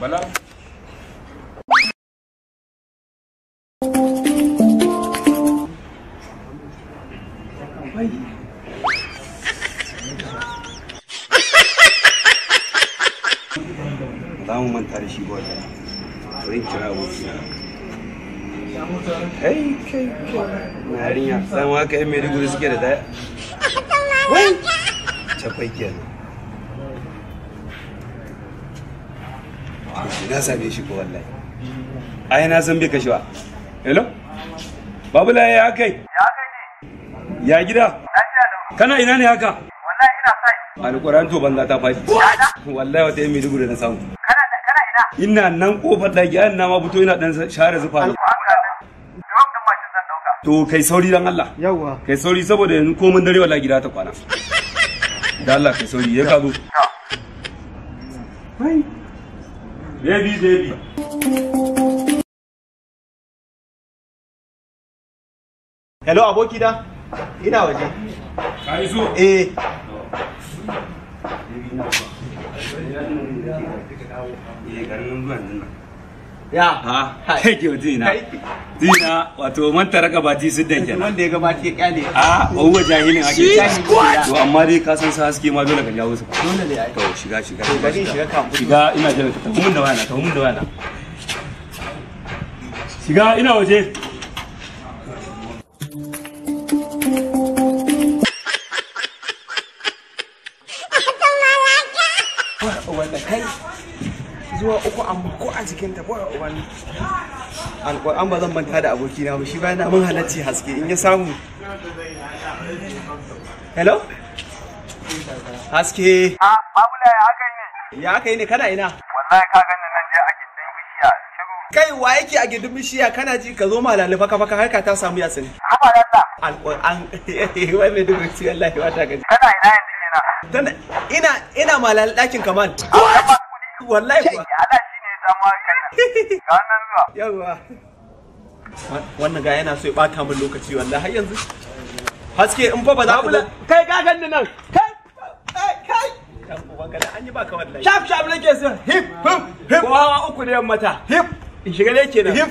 bala za mu manta da shi ba wata kira abokina Hey, kai kai na suke da daya wai kenan na same shi ko wallahi ai na san bai kashi ba hello babula ya kai ya kai ne ya gida kana ina ne haka wallahi ina sai alquran to banza ta fashi wallahi wata mai dubu da na samu kana kana ina ina nan kofar daki an na ma fito ina dan share zufa ne to kai sauri dan Allah yawa kai sauri saboda yanzu komin dare wallahi gida ta kwana da Allah kai sauri ya ka Bye. Baby, baby. Hello, aboki da? Ina waje. Ka iso? Eh. Baby na ba. Eh, garin nan zuwa nan. ya ha haiki mutum na wato man taraka ba ti siddan kenan wanda ya gabata ya kyale a uwa jahilin ake to amma dai ka san sa haske ma dole ka jawo su dole ne ai to shiga shiga shiga ina jira ka mun da wayana mun da wayana shiga ina waje wanda kai zuwa uku amma ko a jikin ta ba ubani alƙur'an ba zan manta da abokina ba shi bayan na mun halarci haske in ya samu hello haske a ah, babula ya haka ne ya kai ne kana ina wallahi ka gani nan je a gindin bishiya kai wa yake a gindin bishiya kana ji ka zo malali faka faka harka ta samu yasini haba yalla alƙur'an wai mai dubu ci wallahi wata gaji kana ina yanzu ina ina malali ɗakin kamal wallahi kuwa ala shi ne dama kai ga nan zuwa yawa wannan ga yana so ya bata min lokaci wallahi har yanzu haske in fa ba za kai ga kan nan kai kai dan uban gada an yi baka wallahi nake so hip hip hip wawa uku ne mata hip in shiga ne kenan hip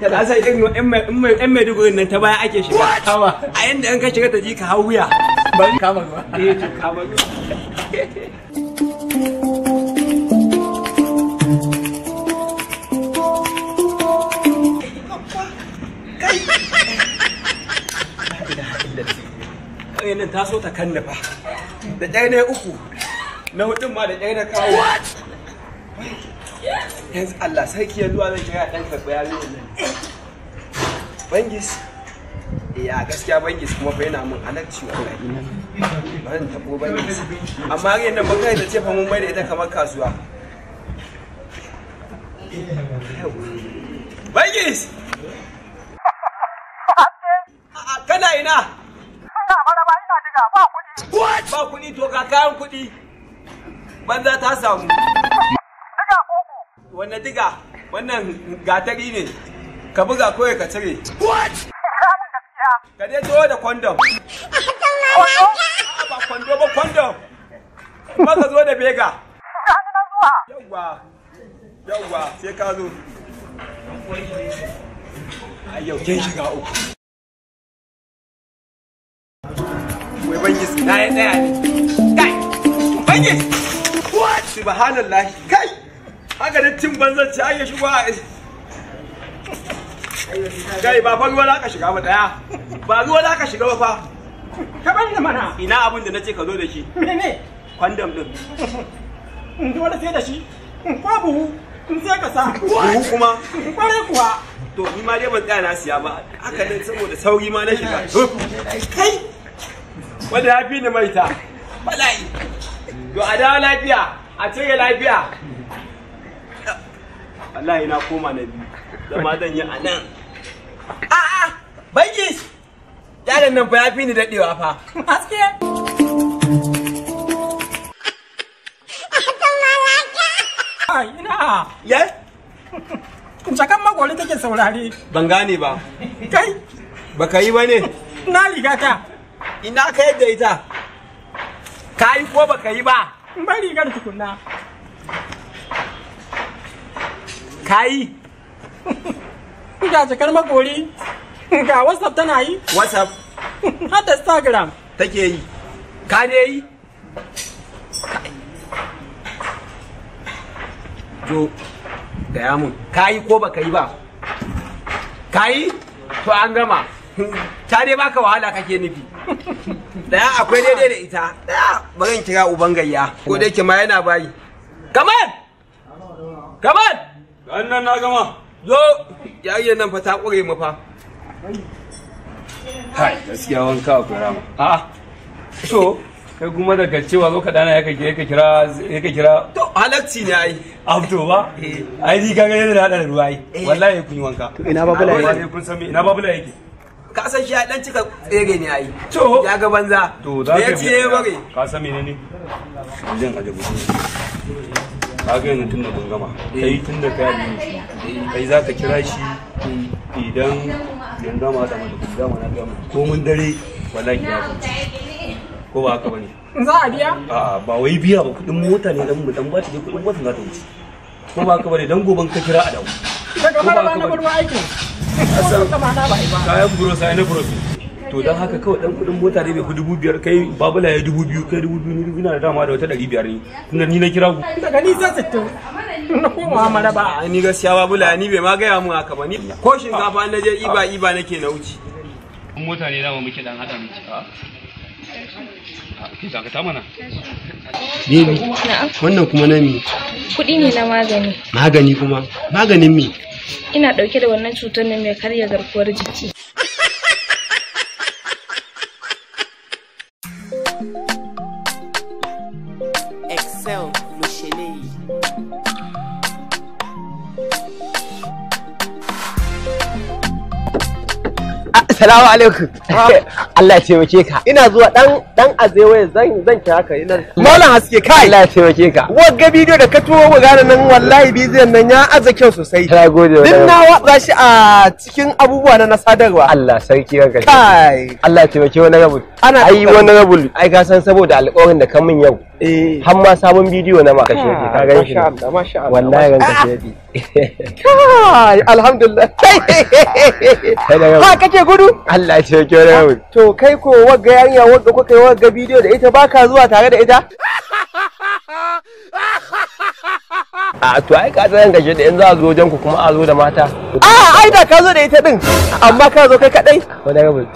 ta da sai irin in mai in mai dugurin nan ta baya ake shiga hawa a inda in ka shiga ta ka hau wuya ɗayan nan ta so ta kannafa da ɗaya na uku na hudun ma da ɗaya na kawo yanzu Allah sarki yanzu zan kira ɗan karɓi yarinyar nan bangis ya eh, gaskiya bangis kuma fa yana mun halarci wallahi bari ta ko bangis amma har yanzu bakai da ce fa mun mai da ita kamar kasuwa bangis kana ina lafiya ba kuɗi. Ba kuɗi to ka kayan kuɗi. Banza ta samu. Diga koko. Wanne diga? Wannan gatari ne. Ka buga kawai ka cire. What? Ka dai da kwandom. Ba kwando ba kwandom. Kuma ka zo da bega. Gani na zuwa. Yawwa. Yawwa sai ka zo. Ai yau shiga uku. wai bangis na ya tsaya ne kai bangis what subhanallahi kai haka da tin banzan ci ake shigo a kai ba fa ruwa za ka shiga ba daya ba ruwa za ka shiga ba fa ka bari da mana ina abin da nace ka zo da shi mene kwandam din in dole sai da shi in kwa buhu in sai ka sa buhu kuma kwarai kuwa to ni ma dai ban tsaya na siya ba haka nan saboda sauri ma na shiga kai wanda ya fi ni ta bala'i to a dawo lafiya a cire lafiya wallahi na koma na biyu zama zan yi a nan a'a banki yaron nan fa ya fi ni daɗewa fa haske ina ya jakan magwali take saurari. ban gane ba kai baka yi ba ne na riga ta ina ka yadda ita ka yi ko baka yi ba bari rigar tukunna ka yi ga jakar makori ga whatsapp tana yi whatsapp har da instagram take yi ka ne yi jo gaya mun ka yi ko baka yi ba ka yi to an gama ta dai baka wahala kake nufi daya akwai daidai da ita daya bari kira uban gayya ko dai ke ma yana bayi kaman kaman wannan na gama zo yariyar nan fa ta kure mu fa hai gaskiya wanka ko rama a'a so kai kuma daga cewa zo ka dana yaka yaka kira yaka kira to halacci ne ai abdo ba eh. ai ni kaga yana da ruwa ai eh. wallahi kun wanka ina babula yake ina babula yake ka san shi ya dan cika tsere ne ai to ya ga banza to da ya ce bare ka san menene jin ajabu ka ga yanzu tun da kun eh. kai tun da kai ne shi eh. kai za ka kira shi idan yanzu da mun da mun ga ko mun dare wallahi ya ko ba haka bane za a biya a ba wai biya ba kudin mota ne dan mu dan ba ta je kudin wasu za ta wuce ko ba haka bane dan goban ka kira a dawo daga mara ba na gurbin aikin kayan buros na buros to don haka kawai dan kudin mota ne bai ku dubu biyar kai babula ya dubu biyu kai dubu biyu ne na da dama da wata dari biyar ne tunda ni na kira ku daga ni sai sittin na koma mara ba ni gaskiya babula ni bai ma gaya mun haka ba ni ko shinkafa na je iba iba nake na wuce mota ne dama muke dan hada miki ah. ah, Ki dakata mana. ni wannan kuma na mi? kudi ne na magani. Magani kuma? Maganin mi? ina dauke da wannan cutar ne mai karya garkuwar jiki excel le assalamu alaikum Allah ya taimake ka ina zuwa dan dan azewa zan zan kira ka ina mallan haske kai Allah ya taimake ka wagga bidiyo da ka tuwo magana nan wallahi bidiyon nan ya aza kyau sosai na gode din na watsa shi a cikin abubuwa na sadarwa Allah sarki Ka kai Allah ya taimake wani rabul ana ai wani rabul ai ka san saboda alƙawarin da ka min yau Eh. har ma sabon bidiyo na ma shi ka gan shi masha Allah wallahi ran kashe yake kai alhamdulillah ha kake gudu Allah ya ce ne to kai ko wagga yarinya wagga ko kai wagga bidiyo da ita baka zuwa tare da ita a to ai ka tsayan gaje da yanzu a zo wajen ku kuma a zo da mata a ah, ai da ka zo da ita din amma ka zo kai kadai wallahi rabin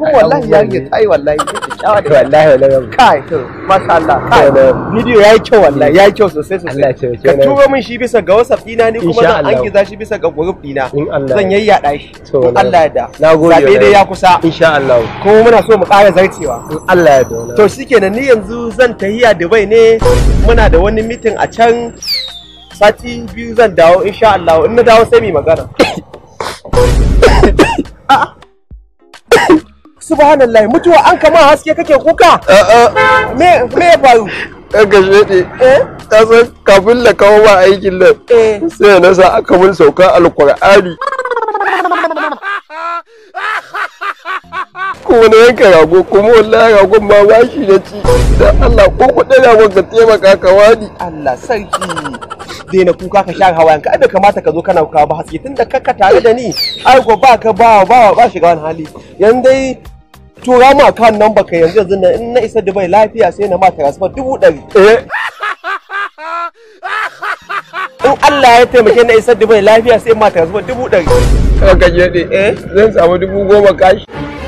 ko wallahi yarinya ta yi wallahi kyakkyawa da wallahi wallahi kai to masha Allah kai bidiyo yayi kyau wallahi yayi kyau sosai sosai ka turo min shi bisa ga WhatsApp dina ni kuma zan angiza shi bisa ga group dina zan yayyada shi in Allah ya da nagode zabe dai ya kusa insha Allah kuma muna so mu ƙara zartewa in Allah ya da to shikenan ni yanzu zan tahiya Dubai ne muna da wani meeting a can sati biyu zan dawo insha Allah in na dawo sai mu magana subhanallah mutuwa an kama haske kake kuka me me ya faru ɗan gashe ne eh? ta san kafin da kawo ba aikin nan eh. sai na sa aka mun sauka alkur'ani kuma na yanka rago kuma wallahi ragon ma ba shi da ci da Allah ko kuɗin ragon ka taimaka ka wani Allah sarki na kuka ka share hawa yanka. Abin kamata ka zo kana kawo ba haske tunda kakka tare da ni ai ba ka ba ba ba shiga wani hali yan dai tura ma kan nan baka yanzu yanzu na in na isa Dubai lafiya sai na ma transfer dubu ɗari. Eh. In Allah ya taimake na isa Dubai lafiya sai ma transfer dubu ɗari. Kaka je eh, zan samu dubu goma kashi.